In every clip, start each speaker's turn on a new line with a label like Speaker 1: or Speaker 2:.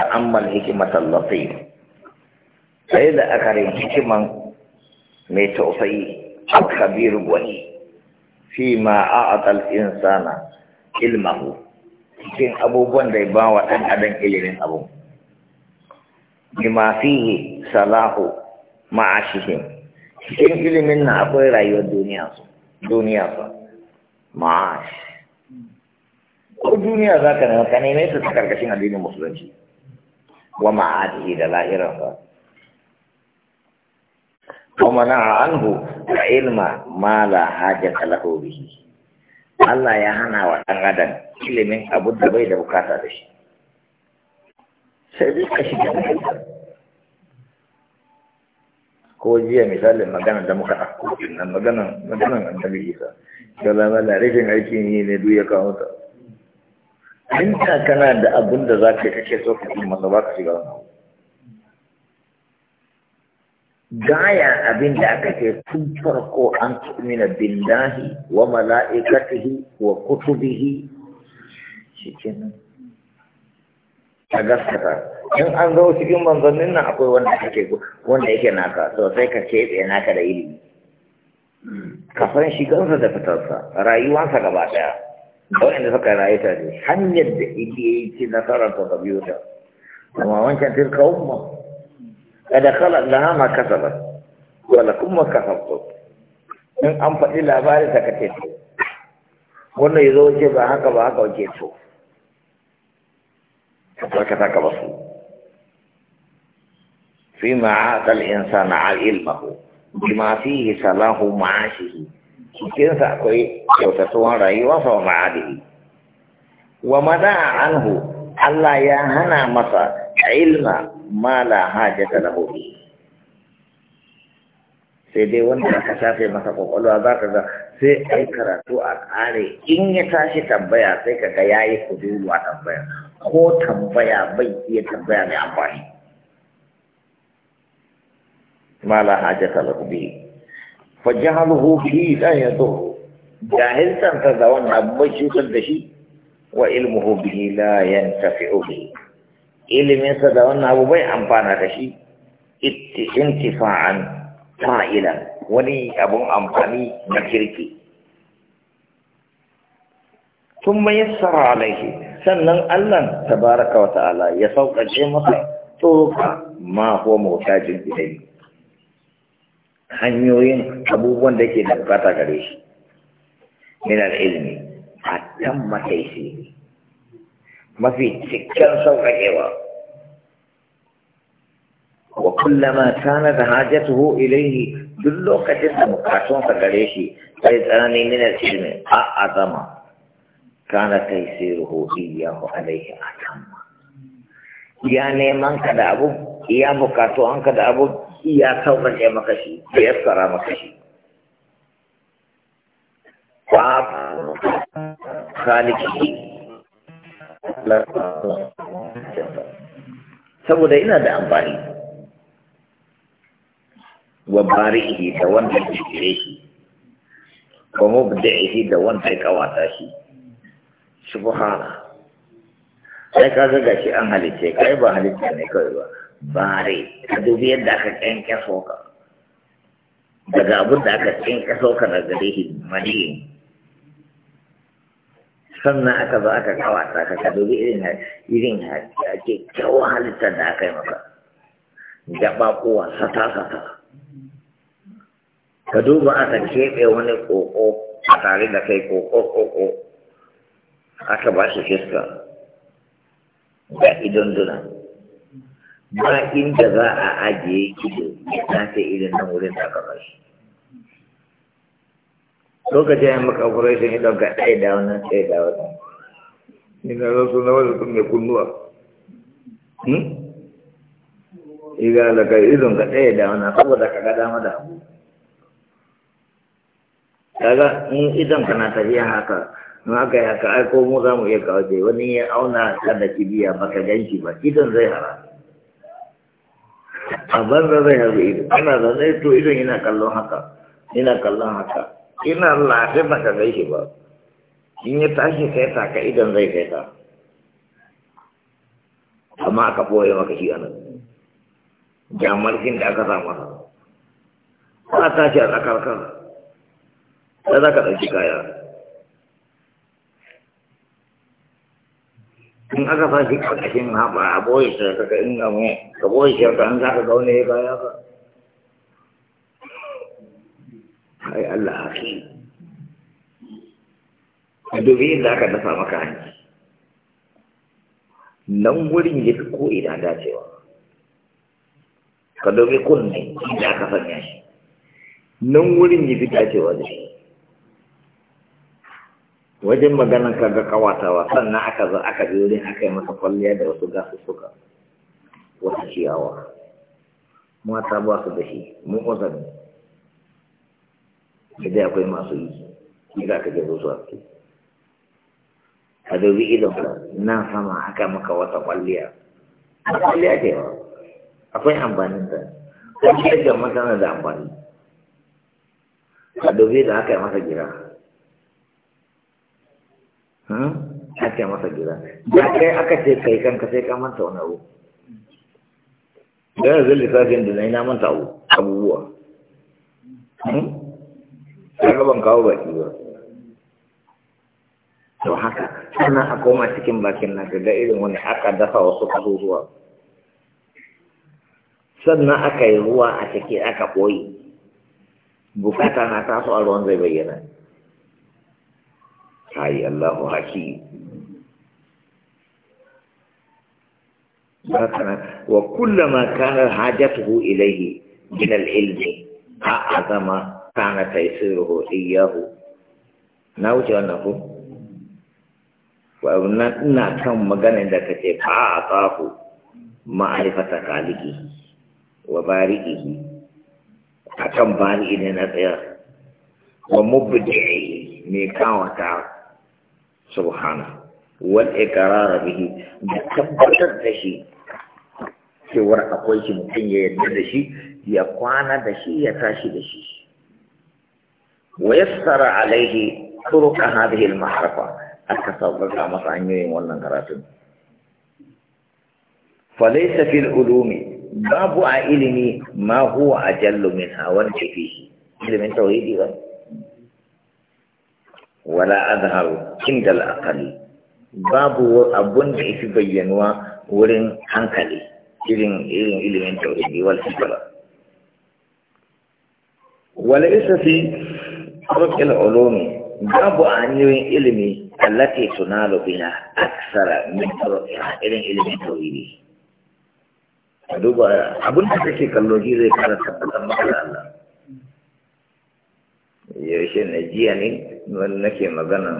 Speaker 1: ta'ammal hikimatan latif sai da akarin hikiman mai tausayi al-khabir gwani fi ma a'ata al-insana ilmahu cikin abubuwan da ya ba wa ɗan adam ilimin abu bima fihi salahu ma'ashihim cikin ilimin na akwai rayuwar duniya su duniya fa ma'ash ko duniya za ka nema ka neme ta ta karkashin addinin musulunci wa ma'adihi da lahirarsa kuma na anhu da ilma ma la hajjata lahu Allah ya hana wa ɗan adam ilimin abu da bai da bukata da shi sai zai ka shiga ko jiya misalin maganar da muka ɗauko nan maganar maganar annabi isa da lamar da rashin aikin yi ne duk ya kawo ta in ta kana da abin da za ka kake so ka yi masa ba ka shiga wani gaya abin da aka ce tun farko an tumina billahi wa mala'ikatihi wa kutubihi shi kenan a gaskata in an zo cikin manzannin nan akwai wanda kake wanda yake naka to sai ka keɓe naka da ilimi ka san shigansa da fitarsa rayuwansa gaba ɗaya wanda suka rayu ne, hanyar da igiyoyi ce nasarar ta biyu ta amma wancan tilka umma kada kala hama ma kasaba wala kuma kasabtu in an faɗi labari ta kace to wannan ya yazo wace ba haka ba haka wace to ka saka ba su fi ma'aqal insana al ilmahu bima fihi salahu ma'ashihi cikinsa akwai kyautatuwan rayuwa fa ma'adili wa mana anhu Allah ya hana masa ilma ma la hajata lahu sai dai wanda aka shafe masa kwakwalwa za ka ga sai a yi karatu a ƙare in ya tashi tambaya sai ka ga ya yi tambaya ko tambaya bai iya tambaya mai amfani ma la hajata lahu fa jahaluhu bihi la yadur jahiltan ta da cutar da shi wa ilmuhu bihi la yantafi'u bihi ilimin sa da wannan abu bai amfana da shi intifa'an fa'ilan wani abun amfani na kirki tun mayassara alaihi sannan Allah tabaraka wa ta'ala ya sauƙaƙe masa tsoka ma huwa mutajin ilai hanyoyin abubuwan da ke da bukata gare shi min ilimi a kan mataisi mafi cikin sauƙaƙewa wa kullama kana da hajatuhu ilaihi duk lokacin da bukatunsa gare shi sai tsanani min ilimi a azama kana taisiruhu iyahu alaihi atamma ya neman ka da abu iya bukatu an ka da abu iya sauƙaƙe maka shi da sekarang maka shi wa saboda ina da ambari, wa ihi da wanda ya shirye shi bude mubda'ihi da wanda ya kawata shi subhana sai ka ga gashi an halitta kai ba halitta ne kawai ba bare ka dubi yadda aka kyanke soka daga abin da aka kyanke soka na gare shi maniyin sannan aka zo aka kawata ka ka dubi irin irin ake kyawun halittar da aka yi maka gaba kowa sata sata ka duba aka keɓe wani ƙoƙo a tare da kai ƙoƙo ƙoƙo aka ba shi fiska ga idon dunan ba inda za a ajiye ido ya tace idan nan wurin da aka bashi lokacin yin maka operation idan ka ɗaya da wannan ɗaya da wannan ina zo su na wasu sun mai kunnuwa hmm? iga da idan idon ka ɗaya da wannan saboda ka ga dama da abu kaga in idan kana tafiya haka in aka yi haka aiko ko mu za mu iya kawo wani ya auna kan da kibiya baka gan shi ba idan zai hara a banza zai harbi ido ana zaune to idon yana kallon haka yana kallon haka ina lafi baka gai shi ba in ya tashi kai ta ka idan zai sai ta amma aka ɓoye maka shi anan jamarkin da aka samu ba ta ce a tsakar kan sai za ka ɗauki kaya in aka sa shi ƙarƙashin haɓa a boye shi ka ga inda mai ka boye shi ka an za ka zaune là baya ba hai Allah haki a dubi inda aka dafa maka hanci nan wurin ya fi ko ina dacewa ka dubi kunne inda aka sanya shi nan wurin ya fi dacewa da shi wajen maganan ka ga kawatawa sannan aka zo aka biyo ne aka yi masa kwalliya da wasu gasu suka. wasu ciyawa mata ba su da shi mu ne. da akwai masu yi shi za ka je su a haske a dubi idon ka nan sama aka maka wata kwalliya kwalliya ce ba akwai amfanin ta kwalliyar da masana da amfani a dubi da aka yi masa gira ake masa gida da kai aka ce kai kanka sai ka manta wani abu da yanzu lissafin da na yi na manta abubuwa hmm? kaga ban kawo baki ba to haka sannan a koma cikin bakin na da irin wani aka dafa wasu kasusuwa sannan aka yi ruwa a ciki aka koyi bukata na taso a ruwan zai bayyana Hai Allahu haki haka wa kullama kana hajatuhu ilayhi min al-ilmi azama kana taysiruhu iyyahu na wuce wannan ko wa ina kan maganar da kace fa aqafu ma'rifata kaliki wa barikihi akan bari ne na tsaya wa mubdi'i ne kawata subhana wal iqrar bihi da tabbatar da shi cewar akwai shi mutum ya yarda da shi ya kwana da shi ya tashi da shi wa yassara alaihi turuqa hadhihi al mahrafa aka sauƙaƙa masa hanyoyin wannan karatun falaisa fil ulumi babu a ilimi ma huwa ajallu minha wanda fi ilimin tauhidi ba Wala أظهر عند الأقل babu abun da isi bayyanuwa wurin hankali irin irin ilimin tauhidi wal hikma wala isa fi rukil ulumi babu hanyoyin ilimi allati tunalu biha aksara min turuqiha irin ilimin tauhidi duba abun da kake kallo shi zai kara tabbatar maka da Allah yaushe ne jiya ne nake magana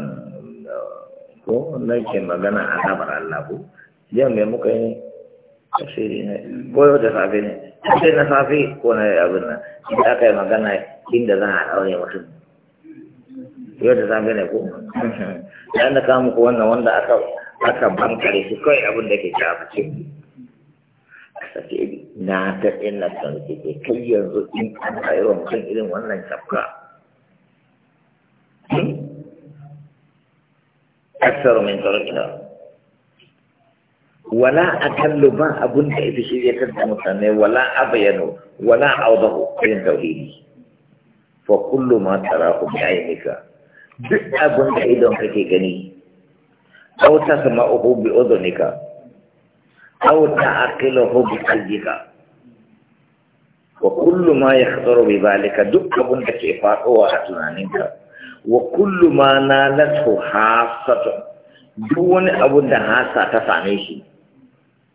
Speaker 1: ko nake magana a nabar Allah ko yau mai muka yi tafsiri ne ko yau da safe ne sai na safe ko na abin nan idan aka yi magana inda za a aure mutum yau da safe ne ko dan da kamu ko wannan wanda aka aka bankare shi kai abin da ke kafa ce sake na ta ina san ke kai yanzu in an ayyuka mutum irin wannan tafka أكثر من طريقها ولا أكل ما أبن كيفي شيء يكتب ولا أبين ولا أوضه من توحيدي فكل ما تراه بعينك duk abin da idon kake gani au sama uku bi odonika au ta akila hu kaljika wa kullu ya bi balika duk abin da ke faɗowa a tunaninka wa kullu ma nalatu hasatu duk wani abun da hasa ta same shi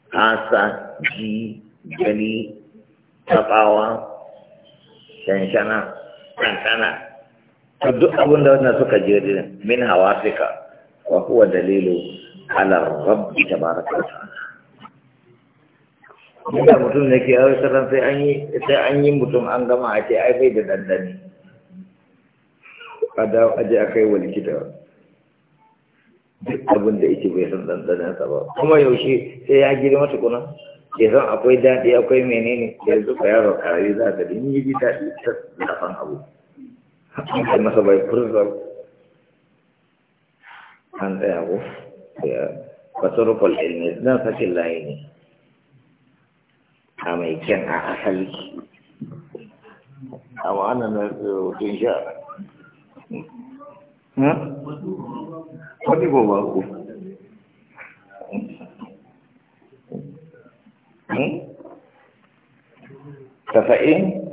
Speaker 1: hasa ji gani tabawa shanshana kankana to duk abun da wannan suka je da min hawasika wa kuwa dalilu ala rabbi tabaraka wa ta'ala mutum ne ke yawon sai an yi mutum an gama a ce ai bai da dandani a da aje a kai wa likita duk abin da yake bai san ɗanɗanansa ba kuma yaushe sai ya girma tukuna ya san akwai daɗi akwai menene yanzu ka yaro karari za ka din yi daɗi ta zafan abu an masa bai furza an tsaya ko fatarukul ilmi na sakin layi ne a mai kyan a asali amma ana na tun eh, sha Kwadi gobe ku. Hmm? Hmm? Tasa'in?